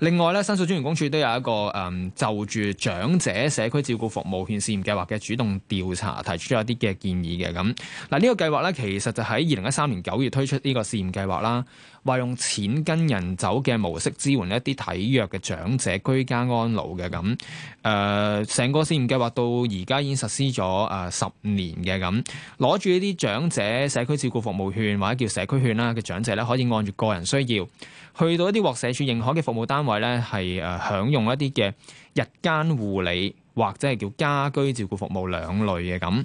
另外咧，申訴專員公署都有一個誒、嗯，就住長者社區照顧服務券試驗計劃嘅主動調查，提出咗一啲嘅建議嘅咁。嗱，呢、這個計劃咧，其實就喺二零一三年九月推出呢個試驗計劃啦。話用錢跟人走嘅模式支援一啲體弱嘅長者居家安老嘅咁，誒、呃、成個試驗計劃到而家已經實施咗誒、呃、十年嘅咁，攞住呢啲長者社區照顧服務券或者叫社區券啦嘅長者咧，可以按住個人需要去到一啲獲社署認可嘅服務單位咧，係誒、呃、享用一啲嘅日間護理或者係叫家居照顧服務兩類嘅咁。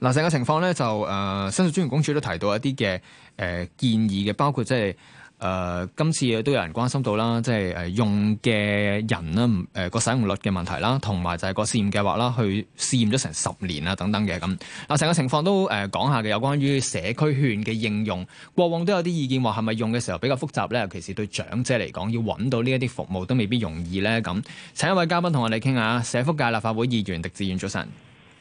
嗱，成個情況咧就誒，申訴專員公署都提到一啲嘅誒建議嘅，包括即係誒今次都有人關心到啦，即係誒用嘅人啦，誒、呃、個使用率嘅問題啦，同埋就係個試驗計劃啦，去試驗咗成十年啊等等嘅咁。嗱，成個情況都誒講、呃、下嘅，有關於社區券嘅應用，過往都有啲意見話係咪用嘅時候比較複雜咧，尤其是對長者嚟講，要揾到呢一啲服務都未必容易咧咁。請一位嘉賓同我哋傾下，社福界立法會議員狄志遠，早晨。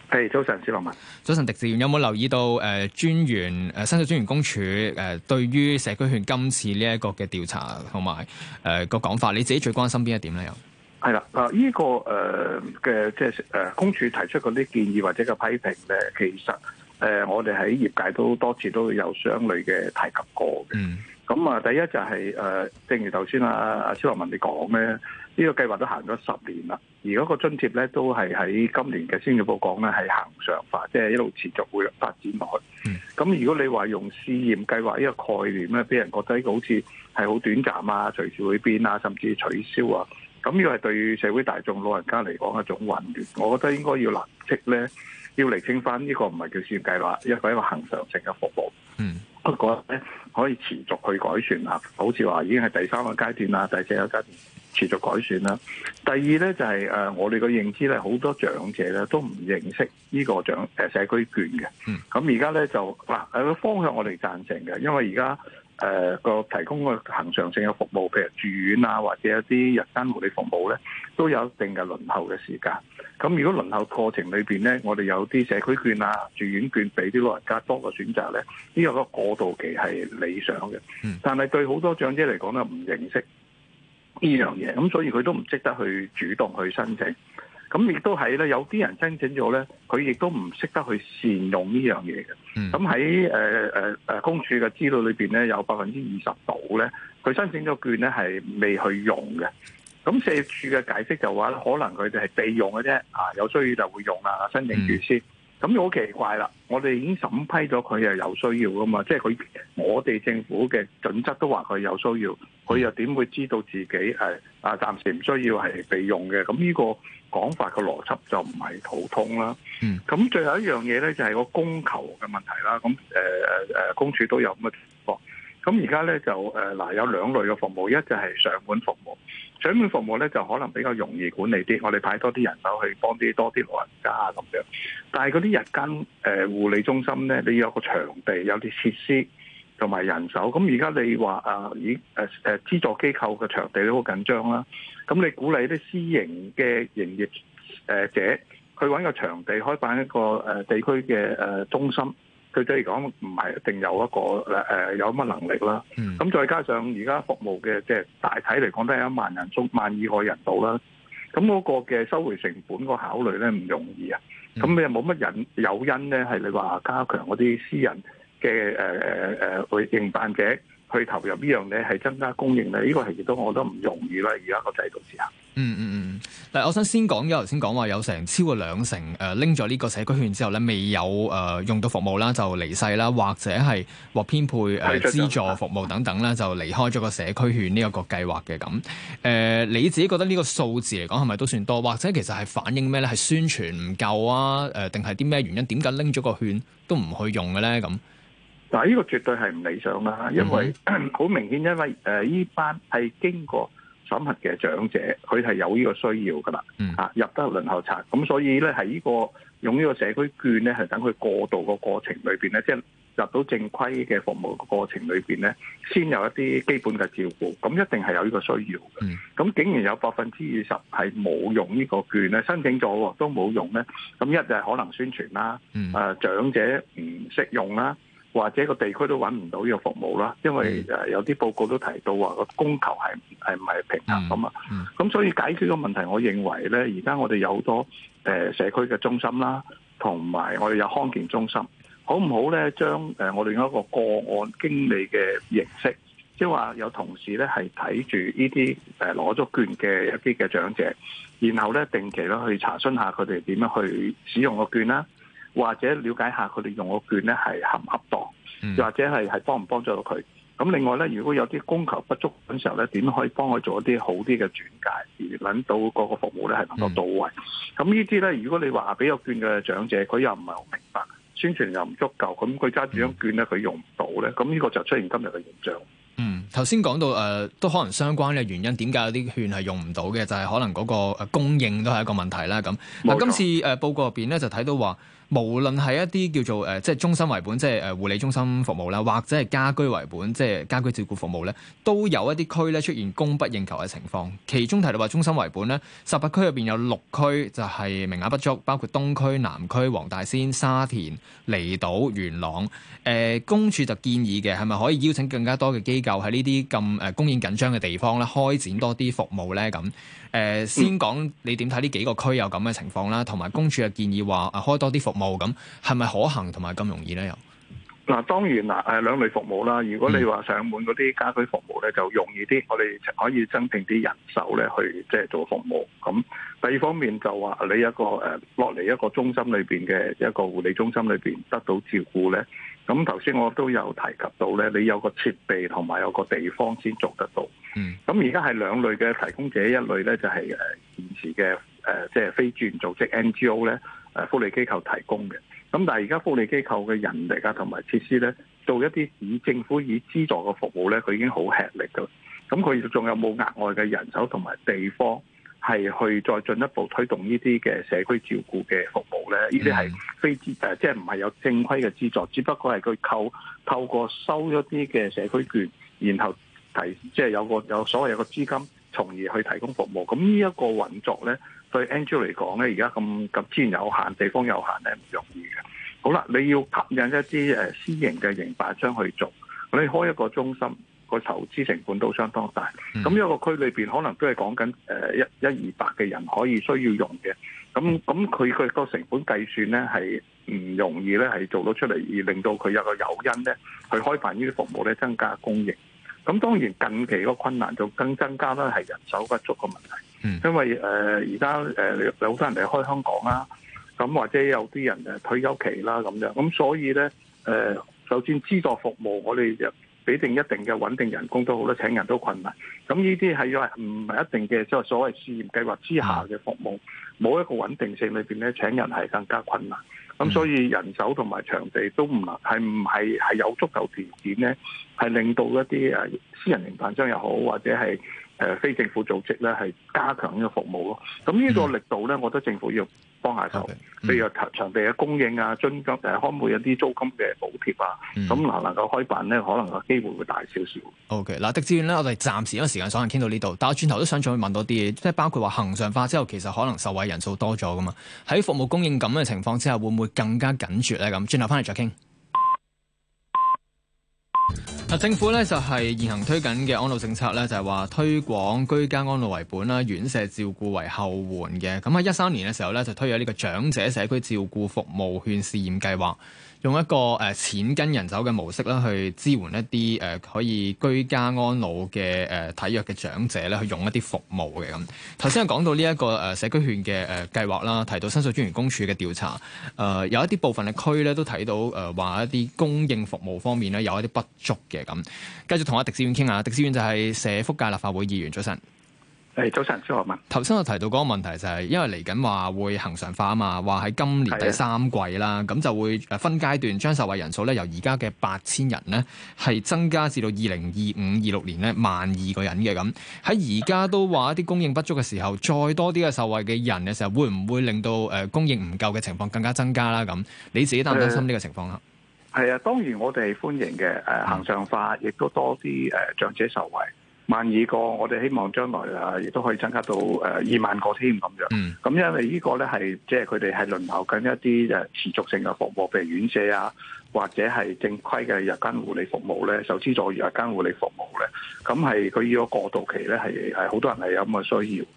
係，hey, 早晨，小羅文。早晨，狄志遠，有冇留意到誒，專、呃、員誒，申訴專員公署誒、呃，對於社區券今次呢一個嘅調查同埋誒個講法，你自己最關心邊一點咧？又係啦，誒、呃，呢、這個誒嘅即係誒公署提出嗰啲建議或者個批評咧，其實誒、呃、我哋喺業界都多次都有相類嘅提及過嘅。嗯咁啊，第一就係、是、誒、呃，正如頭先啊啊，蕭若文你講咧，呢、這個計劃都行咗十年啦。而嗰個津貼咧，都係喺今年嘅《先濟報》講咧，係恆常化，即、就、係、是、一路持續會發展落去。咁、嗯、如果你話用試驗計劃呢個概念咧，俾人覺得呢個好似係好短暫啊，隨時會變啊，甚至取消啊，咁呢要係對社會大眾老人家嚟講一種混亂，我覺得應該要立即咧，要釐清翻呢個唔係叫試驗計劃，而係一個恆常性嘅服務。嗯。不過咧可以持續去改善啊，好似話已經係第三個階段啦，第四個階段持續改善啦。第二咧就係、是、誒，我哋嘅認知咧，好多長者咧都唔認識呢個長誒社區券嘅。嗯。咁而家咧就嗱，誒、啊、個方向我哋贊成嘅，因為而家誒個提供嘅恆常性嘅服務，譬如住院啊或者一啲日間護理服務咧，都有一定嘅輪候嘅時間。咁如果輪候過程裏邊咧，我哋有啲社區券啊、住院券俾啲老人家多個選擇咧，呢個個過渡期係理想嘅。但係對好多長者嚟講咧，唔認識呢樣嘢，咁所以佢都唔識得去主動去申請。咁亦都係咧，有啲人申請咗咧，佢亦都唔識得去善用呢樣嘢嘅。咁喺誒誒誒公署嘅資料裏邊咧，有百分之二十度咧，佢申請咗券咧係未去用嘅。咁社署嘅解釋就話可能佢哋係備用嘅啫，啊有需要就會用啦，申請住先。咁好奇怪啦！我哋已經審批咗佢係有需要噶嘛，即係佢我哋政府嘅準則都話佢有需要，佢又點會知道自己係啊暫時唔需要係備用嘅？咁呢個講法嘅邏輯就唔係通通啦。咁最後一樣嘢咧就係個供求嘅問題啦。咁誒誒誒，公署都有咁嘅情況。咁而家咧就誒嗱、呃、有兩類嘅服務，一就係上門服務。長者服務咧就可能比較容易管理啲，我哋派多啲人手去幫啲多啲老人家啊咁樣。但係嗰啲日間誒護理中心咧，你要有個場地，有啲設施同埋人手。咁而家你話啊，以誒誒、啊、資助機構嘅場地都好緊張啦。咁你鼓勵啲私營嘅營業誒者去搵個場地開辦一個誒地區嘅誒中心。即係講，唔係一定有一個誒誒有乜能力啦。咁再加上而家服務嘅即係大體嚟講，都係一萬人中萬二個人到啦。咁嗰個嘅收回成本個考慮咧，唔容易啊。咁你又冇乜引誘因咧，係你話加強嗰啲私人嘅誒誒誒會營辦者。去投入呢樣咧，係增加供應咧，呢、這個係亦都我覺得唔容易啦。而家個制度之下、嗯，嗯嗯嗯，嗱，我想先講嘢。頭先講話有成超過兩成誒拎咗呢個社區券之後咧，未有誒、呃、用到服務啦，就離世啦，或者係獲編配誒資、呃、助服務等等咧，就離開咗個社區券呢一個計劃嘅咁。誒、呃，你自己覺得呢個數字嚟講係咪都算多，或者其實係反映咩咧？係宣傳唔夠啊？誒、呃，定係啲咩原因？點解拎咗個券都唔去用嘅咧？咁？但係，呢個絕對係唔理想啦，因為好 明顯，因為誒呢班係經過審核嘅長者，佢係有呢個需要噶啦，嚇、啊、入得輪候冊，咁所以咧喺呢、這個用呢個社區券咧，係等佢過渡個過程裏邊咧，即、就、係、是、入到正規嘅服務過程裏邊咧，先有一啲基本嘅照顧，咁一定係有呢個需要嘅。咁 竟然有百分之二十係冇用呢個券咧，申請咗都冇用咧，咁一就係可能宣傳啦，誒、呃、長者唔識用啦。啊啊啊或者個地區都揾唔到呢個服務啦，因為誒有啲報告都提到話個供求係係唔係平衡咁啊，咁、嗯嗯、所以解決個問題，我認為咧，而家我哋有好多誒社區嘅中心啦，同埋我哋有康健中心，好唔好咧？將誒我哋一個個案經理嘅形式，即係話有同事咧係睇住呢啲誒攞咗券嘅一啲嘅長者，然後咧定期咧去查詢下佢哋點樣去使用個券啦。或者了解下佢哋用個券咧係合唔合當，又或者係係幫唔幫助到佢。咁另外咧，如果有啲供求不足嘅時候咧，點可以幫佢做一啲好啲嘅轉介，而揾到嗰個服務咧係能夠到位。咁、嗯、呢啲咧，如果你話俾個券嘅長者，佢又唔係好明白，宣傳又唔足夠，咁佢揸住張券咧佢、嗯、用唔到咧，咁呢個就出現今日嘅現象。嗯，頭先講到誒、呃、都可能相關嘅原因，點解有啲券係用唔到嘅？就係、是、可能嗰個供應都係一個問題啦。咁嗱，今次誒報告入邊咧就睇到話，無論係一啲叫做誒，即、呃、係中心為本，即係誒護理中心服務啦，或者係家居為本，即係家居照顧服務咧，都有一啲區咧出現供不應求嘅情況。其中提到話中心為本咧，十八區入邊有六區就係名額不足，包括東區、南區、黃大仙、沙田、離島、元朗。誒、呃、公署就建議嘅係咪可以邀請更加多嘅機構喺呢啲咁誒供應緊張嘅地方咧，開展多啲服務咧咁？誒，先講你點睇呢幾個區有咁嘅情況啦，同埋公署嘅建議話，啊開多啲服務咁，係咪可行同埋咁容易咧？又嗱，當然嗱，誒兩類服務啦。如果你話上門嗰啲家居服務咧，就容易啲，我哋可以增聘啲人手咧去即係做服務。咁第二方面就話你一個誒落嚟一個中心裏邊嘅一個護理中心裏邊得到照顧咧。咁頭先我都有提及到咧，你有個設備同埋有個地方先做得到。嗯。咁而家係兩類嘅提供者，一類咧，就係誒現時嘅誒即係非專業組織 NGO 咧，誒福利機構提供嘅。咁但係而家福利機構嘅人力啊，同埋設施咧，做一啲以政府以資助嘅服務咧，佢已經好吃力㗎。咁佢仲有冇額外嘅人手同埋地方？係去再進一步推動呢啲嘅社區照顧嘅服務咧，呢啲係非資，即係唔係有正規嘅資助，只不過係佢透透過收咗啲嘅社區券，然後提即係、就是、有個有所謂有個資金，從而去提供服務。咁呢一個運作咧，對 Angel 嚟講咧，而家咁咁資源有限，地方有限，係唔容易嘅。好啦，你要吸引一啲誒私營嘅營辦商去做，你開一個中心。個投資成本都相當大，咁，嗯、一個區裏邊可能都係講緊誒一一,一二百嘅人可以需要用嘅。咁咁佢佢個成本計算咧係唔容易咧係做到出嚟，而令到佢有個誘因咧去開辦呢啲服務咧增加供應。咁當然近期個困難就更增加啦，係人手不足嘅問題，嗯、因為誒而家誒有好多人離開香港啦，咁，啊、或者有啲人誒退休期啦咁，啊、樣，咁所以咧誒，就、呃、算資助服務我哋就。俾定一定嘅穩定人工都好啦，請人都困難。咁呢啲係要唔係一定嘅，即係所謂試驗計劃之下嘅服務，冇一個穩定性裏邊咧，請人係更加困難。咁所以人手同埋場地都唔能係唔係係有足夠條件咧，係令到一啲誒私人營辦商又好，或者係誒非政府組織咧，係加強呢個服務咯。咁呢個力度咧，我覺得政府要。幫下手，譬、okay. mm hmm. 如場地嘅供應啊、金租金誒、開會一啲租金嘅補貼啊，咁能、mm hmm. 能夠開辦咧，可能個機會會大少少。OK，嗱，狄志遠咧，我哋暫時因為時間所能傾到呢度，但我轉頭都想再問多啲嘢，即係包括話恒常化之後，其實可能受惠人數多咗噶嘛，喺服務供應咁嘅情況之下，會唔會更加緊缺咧？咁轉頭翻嚟再傾。政府咧就係、是、現行推緊嘅安老政策咧，就係、是、話推廣居家安老為本啦，院舍照顧為後援嘅。咁喺一三年嘅時候咧，就推咗呢個長者社區照顧服務券試驗計劃。用一個誒、呃、錢跟人走嘅模式啦，去支援一啲誒、呃、可以居家安老嘅誒、呃、體弱嘅長者咧，去用一啲服務嘅咁。頭先有講到呢、這、一個誒、呃、社區券嘅誒計劃啦，提到申訴專員公署嘅調查，誒、呃、有一啲部分嘅區咧都睇到誒話、呃、一啲供應服務方面咧有一啲不足嘅咁。繼續同阿狄志遠傾下，狄志遠就係社福界立法會議員，早晨。係早晨，朱學文。頭先我提到嗰個問題就係，因為嚟緊話會恆常化啊嘛，話喺今年第三季啦，咁就會分階段將受惠人數咧由而家嘅八千人咧係增加至到二零二五、二六年咧萬二個人嘅咁。喺而家都話一啲供應不足嘅時候，再多啲嘅受惠嘅人嘅時候，會唔會令到誒供應唔夠嘅情況更加增加啦？咁你自己擔唔擔心呢個情況啊？係啊，當然我哋歡迎嘅誒恆常化，亦都多啲誒、啊、長者受惠。萬二個，我哋希望將來啊，亦都可以增加到誒、呃、二萬個添咁樣。嗯。咁因為呢個咧係，即係佢哋係輪候緊一啲誒持續性嘅服務，譬如院舍啊，或者係正規嘅日間護理服務咧，受資助於日間護理服務咧。咁係佢呢個過渡期咧，係係好多人係有咁嘅需要嘅。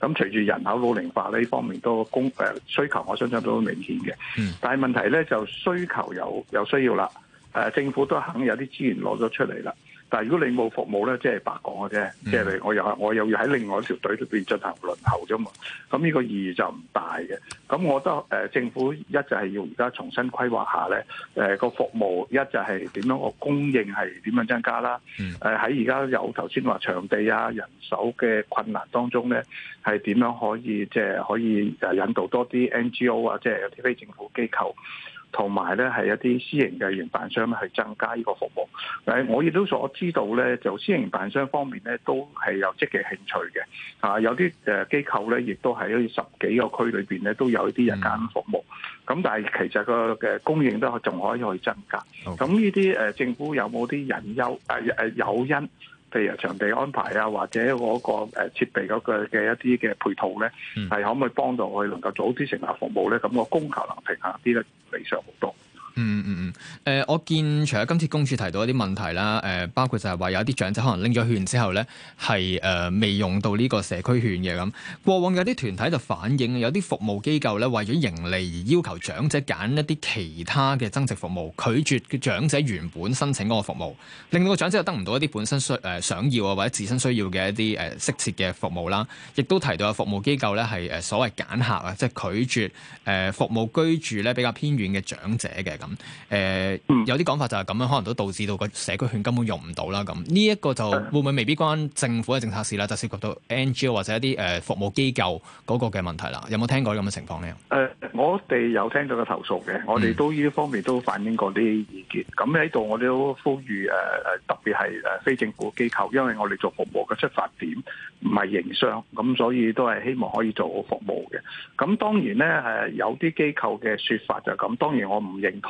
咁隨住人口老齡化呢方面都供誒、呃、需求，我相信都好明顯嘅。Mm. 但係問題咧就需求有有需要啦。誒、呃，政府都肯有啲資源攞咗出嚟啦。但係如果你冇服務咧，即係白講嘅啫，嗯、即係你我又我又要喺另外一條隊裏邊進行輪候啫嘛。咁呢個意義就唔大嘅。咁我覺得誒、呃、政府一就係要而家重新規劃下咧，誒、呃、個服務，一就係點樣，個供應係點樣增加啦。誒喺而家有頭先話場地啊、人手嘅困難當中咧，係點樣可以即係、即係、可以誒引導多啲 NGO 啊，即係有啲非政府機構。同埋咧，係一啲私營嘅營辦商咧，去增加呢個服務。誒，我亦都所知道咧，就私營辦商方面咧，都係有積極興趣嘅。啊，有啲誒機構咧，亦都喺十幾個區裏邊咧，都有一啲日間服務。咁、嗯、但係其實個嘅供應都仲可以去增加。咁呢啲誒政府有冇啲引誘誒誒誘因？譬如場地安排啊，或者嗰個誒設備嗰個嘅一啲嘅配套咧，係可唔可以幫到佢能夠早啲成立服務咧？咁個供求能平衡啲咧，理想好多。嗯嗯嗯，誒、嗯呃、我見除咗今次公署提到一啲問題啦，誒、呃、包括就係話有啲長者可能拎咗券之後咧，係誒、呃、未用到呢個社區券嘅咁。過往有啲團體就反映，有啲服務機構咧為咗盈利而要求長者揀一啲其他嘅增值服務，拒絕嘅長者原本申請嗰個服務，令到長者又得唔到一啲本身需誒想要啊或者自身需要嘅一啲誒適切嘅服務啦。亦都提到有服務機構咧係誒所謂揀客啊，即係拒絕誒、呃、服務居住咧比較偏遠嘅長者嘅咁。誒、呃，有啲講法就係咁樣，可能都導致到個社區券根本用唔到啦。咁呢一個就會唔會未必關政府嘅政策事啦，就涉及到 NGO 或者一啲誒服務機構嗰個嘅問題啦。有冇聽過咁嘅情況呢？誒、呃，我哋有聽到個投訴嘅，我哋都呢方面都反映過啲意見。咁喺度，我哋都呼籲誒誒、呃，特別係誒非政府機構，因為我哋做服務嘅出發點唔係營商，咁所以都係希望可以做好服務嘅。咁當然呢，誒、呃、有啲機構嘅說法就係咁，當然我唔認同。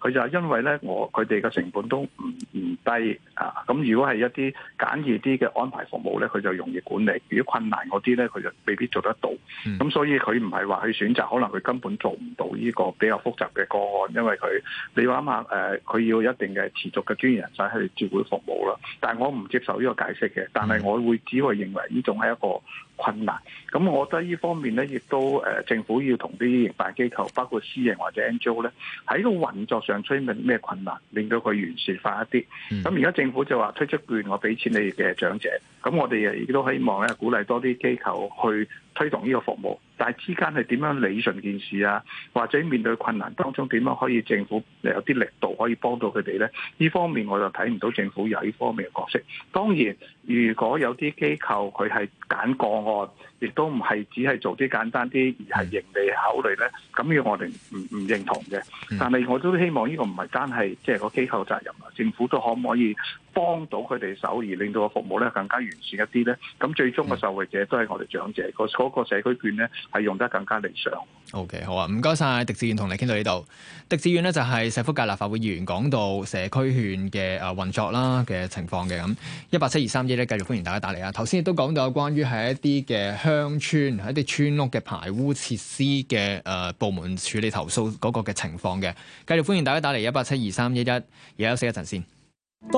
佢就係因為咧，我佢哋嘅成本都唔唔低啊！咁如果係一啲簡易啲嘅安排服務咧，佢就容易管理；如果困難嗰啲咧，佢就未必做得到。咁、嗯、所以佢唔係話去選擇，可能佢根本做唔到呢個比較複雜嘅個案，因為佢你諗下誒，佢要一定嘅持續嘅專業人手去照顧服務啦。但係我唔接受呢個解釋嘅，但係我只會只會認為呢種係一個困難。咁、嗯、我覺得呢方面咧，亦都誒政府要同啲營辦機構，包括私營或者 NGO 咧，喺個運作上。想催現咩困難，令到佢完善化一啲。咁而家政府就話推出券，我俾錢你嘅長者。咁我哋亦都希望咧，鼓勵多啲機構去。推動呢個服務，但係之間係點樣理順件事啊？或者面對困難當中點樣可以政府有啲力度可以幫到佢哋呢？呢方面我就睇唔到政府有呢方面嘅角色。當然，如果有啲機構佢係揀個案，亦都唔係只係做啲簡單啲，而係盈利考慮呢。咁樣我哋唔唔認同嘅。但係我都希望呢個唔係單係即係個機構責任啊，政府都可唔可以？幫到佢哋手，而令到個服務咧更加完善一啲咧。咁最終嘅受惠者都係我哋長者個嗰、嗰個社區券咧，係用得更加理想。OK，好啊，唔該晒。狄志遠同你傾到呢度。狄志遠呢就係社福界立法會議員，講到社區券嘅誒運作啦嘅情況嘅咁。一八七二三一咧，繼續歡迎大家打嚟啊！頭先亦都講到有關於係一啲嘅鄉村喺啲村屋嘅排污設施嘅誒部門處理投訴嗰個嘅情況嘅，繼續歡迎大家打嚟一八七二三一一，而家休息一陣先。